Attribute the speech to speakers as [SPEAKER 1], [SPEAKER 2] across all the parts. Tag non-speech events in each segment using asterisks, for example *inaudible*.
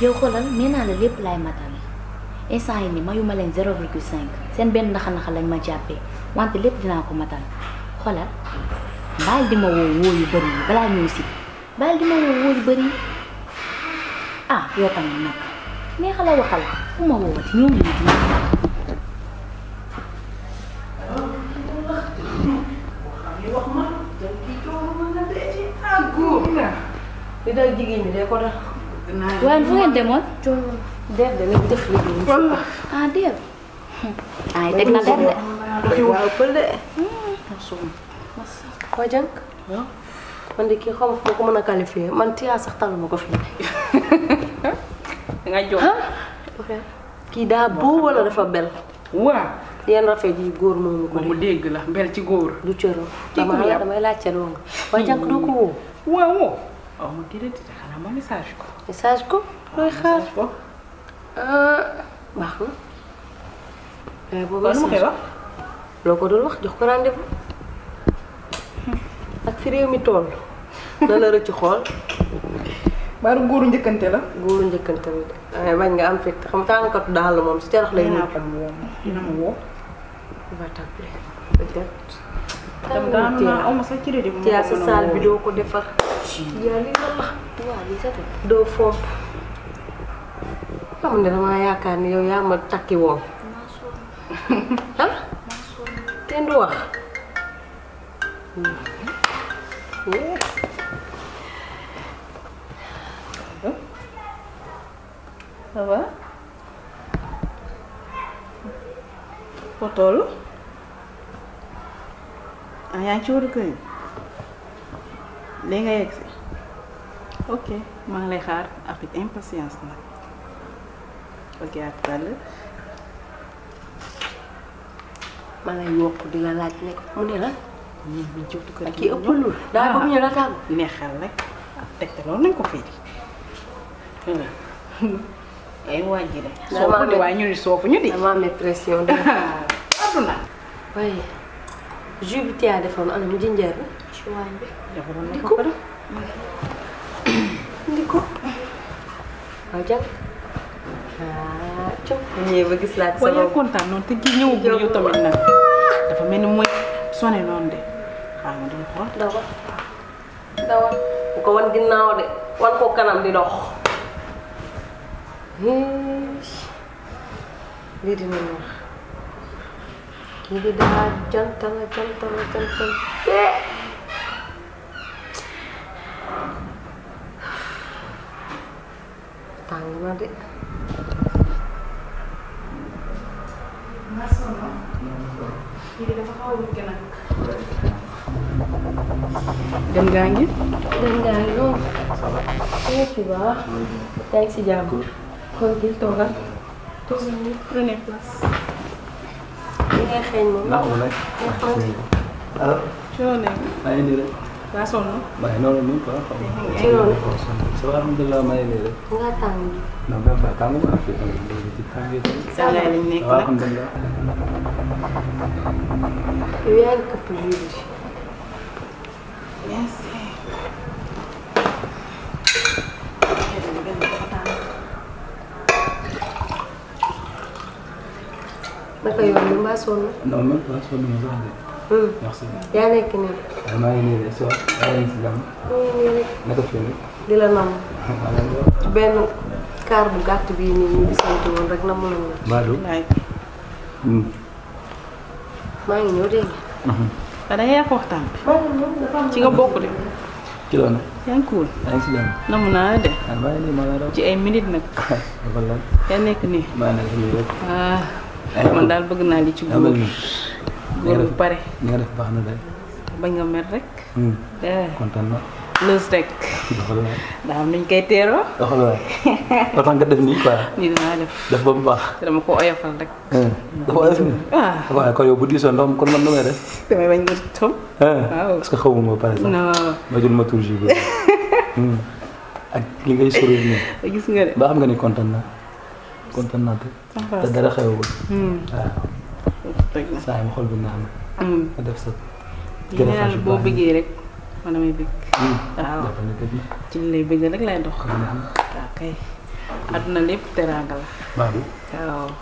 [SPEAKER 1] yow xoolal nee naa la lépp laay matale instant yi ni mayuma leen zéro virgule cinq seen benn naxa-naxa lañ ma jàppee wante lépp dinaa ko matal xoolal bàyyil di ma woo woo yu bëri yi balaa ñëw si bàyyil di ma woo woo yu bëri yi ah yow tamit nag neexa la waxal fu ma woowati ñoo ngi nii ma ñi de ko tax waaye fu ngeen demoon. Ah, deer hmm. de lañ def de. waaw man de kii xaw ma ko mën a qualifier man tiyaa sax talu ma ko fii. *laughs* kii daa boo wala dafa bel. waaw. yenn rafet yi góor moomu ko. mu dégg la bel ci góor. du cëro. damay laajte doo nga. waa doo ko woo. Oh, aw ma message ko. message ko looy xaar ko. baax eh, boobu message wax. loo ko dul wax jox ko rendez-vous. ak fi réew mi toll. dana rëcc xool. bari góoru njëkkante la. góoru njëkkante la waaye eh, bañ nga am fekk xam tànkatu daal la moom si carax lay. dina ma il va t'appeler peut ko bi doo ko defar. yaa li la la. waaw lii sax doo fomp. ma takki woon. ah. kenn du wax. ça foo toll ah yaa ngi ci wàllu kër yi léegi nga yegg si ok maa ngi lay xaar avec impatience nag ok à tout ma lay yokk di la laaj nekk mu ne la. ñun ci wàllu kër yi kii ëppalul. Ah. rek ah, teg te loolu nañ ko fay di. *laughs* ay wàññi de. soofu de waaye ñu ni soofu ñu di. damaa *laughs* amee waaye jus bi tiyaa defoon anam jinjeer bi. bi. defaroon na ko ko def. ndi waaye kontaan noonu te ji ñëwagul yow tamit nag dafa mel ni mooy sonné noonu de xaaral ma dama xool. dawal dawal ko wan ginnaaw de wan ko kanam di dox. lii dinañ wax kii di daa jantala jantala jantal tàng na de dem gaa ngi dem gaa ngi loolu ci baax yaa si jàmm tranquille toogal. toujours prenez place. li ngay xëy moom. naka mu nekk ah. maa ngi nii rek. maa sonn. maa ngi noonu nii quoi. ci noonu. ça va alhamdulilah maa ngi nii rek. nga tàng. non même pas tàng ma affaire yi léegi ci tàng yi. saa laay lañ nekk nag alhamdulilah. yow yaa ngi këpp jur gi. naka yoon bi mbaa de. merci. yaa nekk nii. la nam benn kaar bu gàtt bii nii ñu gisante woon rek namu la ñu. Badou. maa ngi ñëw dégg nga. da ngay yàq waxtaan bi. ci nga bokk de. ci loolu. yaa yaa ngi si namu naa de. Ah, ci ay minutes nag. *laughs* yaa nekk nii. maa Eh, man daal bëgg naa li ci góor góor bu pare li nga def baax na day bañ nga mer rek hmm.
[SPEAKER 2] eh. kontaan na
[SPEAKER 1] lës rek daa am nañ koy teeroo doxal waay *laughs* autant nga def nii quoi nii dinaa def def ba mu baax dama ko oyofal rek eh. dafa oyof ni ah. waaw yow bu diisoon ndox kon man nu may def *laughs* damay bañ nga tom parce que xaw ma par exemple ma jël ma tour ji ak li ngay sourire nii gis nga de ba xam nga ni kontaan na kontaan naa te dara xewul. Hmm. waaw saa yi ma xool bi naa ma hmm. def sa gën a boo bëggee rek man damay bëgg. Hmm. ci lay bëgg rek lay dox. waaw kay àdduna lépp teraanga la. waaw. waaw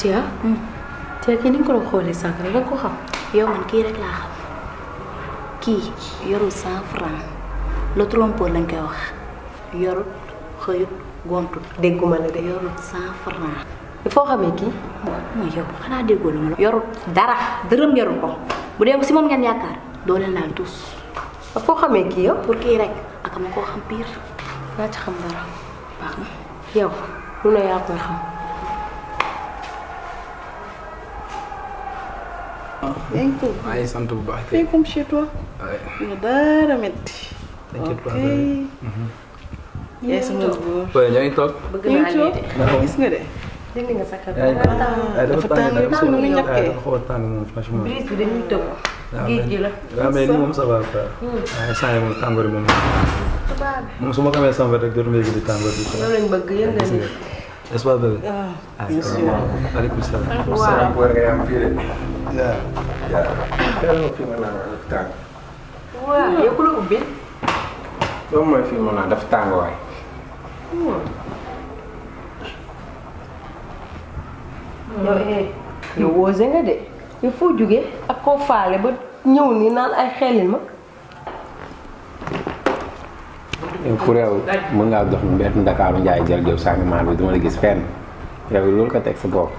[SPEAKER 1] Thia. Thia kii ni nga ko doon xoolee sànq rek nga ko xam. yow man kii rek laa xam kii yorul cent franc le trompeau lañ koy wax. yorut xëyut gontu. dégguma la de yorut cent franc. foo xamee kii. mooy yow xanaa déggoo lu ma la. yorut dara dërëm yorut ko bu dee si moom ngeen yaakaar doo leen laal tuus. foo xamee kii yow. pour kii rek ak koo xam pire. naa ci xam dara. baax na yow lu ne yaa koy xam. maa ngi sant bu baax. fii comme chez toi. dara metti. ok.
[SPEAKER 2] yaay sama góor
[SPEAKER 1] waaye ñoo ngi toog. bëgg naa lii de gis nga de. dindi nga sa kàddu dafa tàng dafa tàng dafa tàng nu ñàkkee dafa xaw a tàng moom franchement. brise bi dañuy tëb géej gi la. waaw mais nii moom ça va quoi. waaye saa yi moom tàngoor bi moom. moom su ma xamee sama wet rek dootu ma yëgati tàngoor bi. loolu lañ bëgg yëngal nii. n'est-ce pas bébé. waaw monsieur. aleykum salaam. waaw salaam war nga am fii de. waaw waaw. xëy na fi ma naan dafa tàng. waaw yow ku la ubbi. loolu mooy fi ma naan dafa tàng waay. yow eh yow woose nga de yow foo jógee ak koo faale ba ñëw ni naan ay xelil ma. yow eh, pour yow mën ngaa dox mbedd Ndakaaru Njaay jël jël changement bi duma la gis fenn yow loolu ko teg sa bopp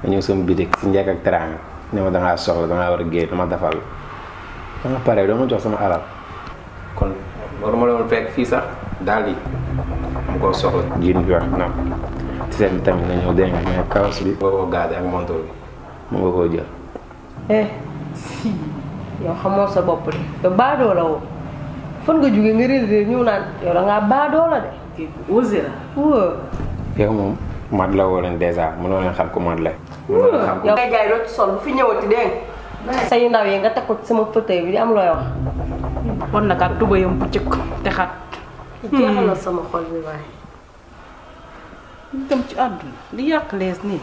[SPEAKER 1] nga ñëw sama bitik si njëkk ak teraanga ne ma dangaa soxla dangaa war a génn dama defal la danga pare doo ma jox sama alal kon waruma doon fekk fii sax. daal yi mu ko soxla. jiin bi wax naam. seet bi tamit dañoo dem mais kawas bi. nga koo gaade ak montoor bi. mu nga koo jël. eh si yow xamoo sa bopp de yow baadoo woo fan nga jógee nga réer réer ñëw naan yow da ngaa de. kii yow moom mat la woo leen dèjà mënoo leen xam ko mat la. mënoo xam ko ngay jaay doo sol bu fi ñëwati dégg say ndaw yi nga teg ko ci sama fauteuil bi di am looy wax. war na kat tubayam bu njëkk te xat. jeexal na hmm. sama xol bi dem ci àdduna li yàq lees nii.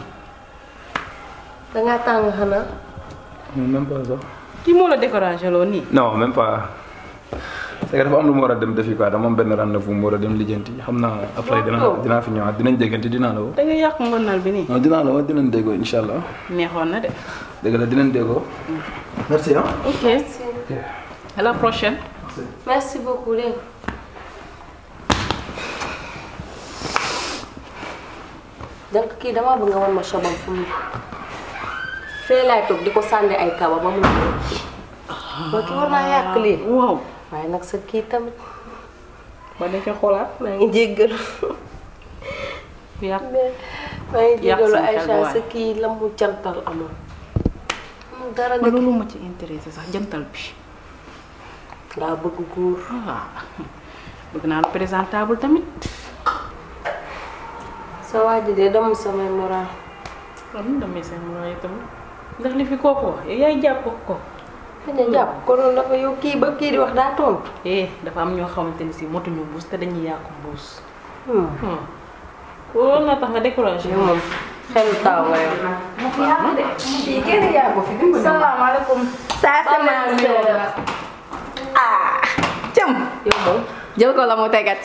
[SPEAKER 1] da ngaa tàng xanaa. même pas sax. kii moo la découragé loo nii. non même pas c'est que dafa am lu mu war a dem defi pa dama am benn rendez-vous mu war a dem lijjanti xam naa après dina dinaa fi ñëwaat dinañ déggante dinaa la woo. da yàq mbënnal bi nii. non dinaa la woo dinañ déggoo incha allah. neexoon na de. dëgg la dinañ déggoo. Hmm. merci ah. ok. merci. la prochaine. merci beaucoup léegi. donc kii dama bëgg nga wan ma shabam fu mu fee toog di ko sànni ay kaba ba mu ñëw. waaw kii war naa yàq ah, waaw waaye nag sa kii tamit. ba nekk xoolaat maa ngi jéggalu. yàq maa sa kii la mu jantal amoon. dara de loolu ma ci intéressé sax jantal bi. ngaa bëgg góor. Ah, bëgg naa présentable tamit. sa waa de demul samay moral. waaw nu yi tamit ndax li fi kooku wax yaay jàpp ko. dañuy jàpp ko dafa yow kii ba kii di wax daa tontu. eh dafa am ñoo xamante ni si motuñu mbuus te dañuy yàqu mbuus. Hmm. Hmm. loolu na tax nga découragé. moom xelu taw nga yow. mu fi yàqu de mu fi kenn yàqu fi. salaamaaleykum. saa sama sœur. ah cëm yow moom. jël ko la mu tegat.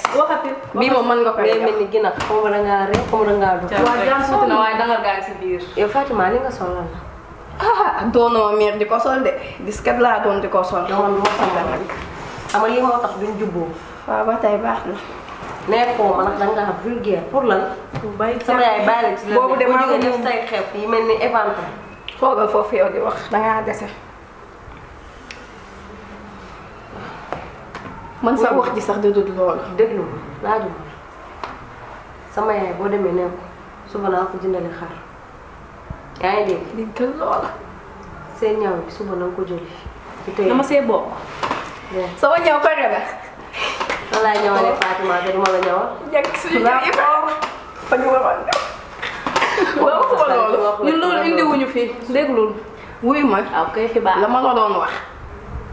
[SPEAKER 1] bii moom mën nga ko def mel ni ginnaaw xaw ma da ngaa rey xaw ma da ngaa dugg. waaw jàmm suuti si biir. yow Fatima li nga sol lan la. ah doonoo miir di ko sol de disket laa doon di ko sol. doon moo sol moo tax duñ jubboo. waaw ba tey baax na. neexoo ma nag da vulgaire pour lan. bàyyi sama yaay bàyyi la ci la boobu de maa ngi def say xew mel ni éventre. foogal foofu yow di wax da ngaa dese. man sa wax ji sax dëddut lool. déglu ma laaju ma sama yaay boo demee ne ko suba naa ko jëndale xar yaa ngi dégg. dégg nga loola. seen ñaaw bi suba na nga ko jëlee. te tey dama see bokk. sama ñaw ko ne la. lan ñawalee oh. Fatima du ma la ñawal. njëkk suñu ñëw yëpp fa ñu waroon. waxuma loolu ñun loolu indiwuñu fii déglul wuy ah, ma. waaw kay xibaar la ma la doon wax.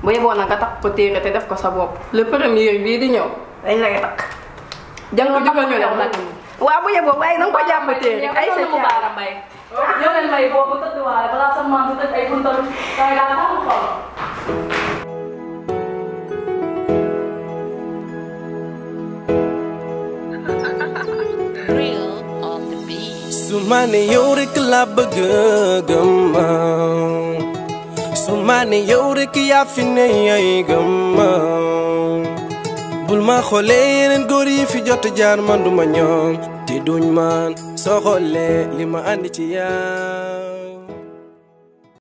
[SPEAKER 1] bu yeboo na nga takk ko téere te def ko sa bopp le premier bii di ñëw dañ lay takk jàng jógal ñu dem nag waaw bu yeboo waaye na nga ko jàpp téere ay sa caa ñoo leen may boo ko tëdduwaale balaa sa maam di tëj ay buntalu waaye daal taxu xol su ma ne yow rek laa bëgg gëm su ma ne yow rek yaa fi ne yaay gëm ma bul ma xoolee yeneen góor yi fi jot jaar man du ma ñoom te duñ man soo xoolee li ma andi ci yaa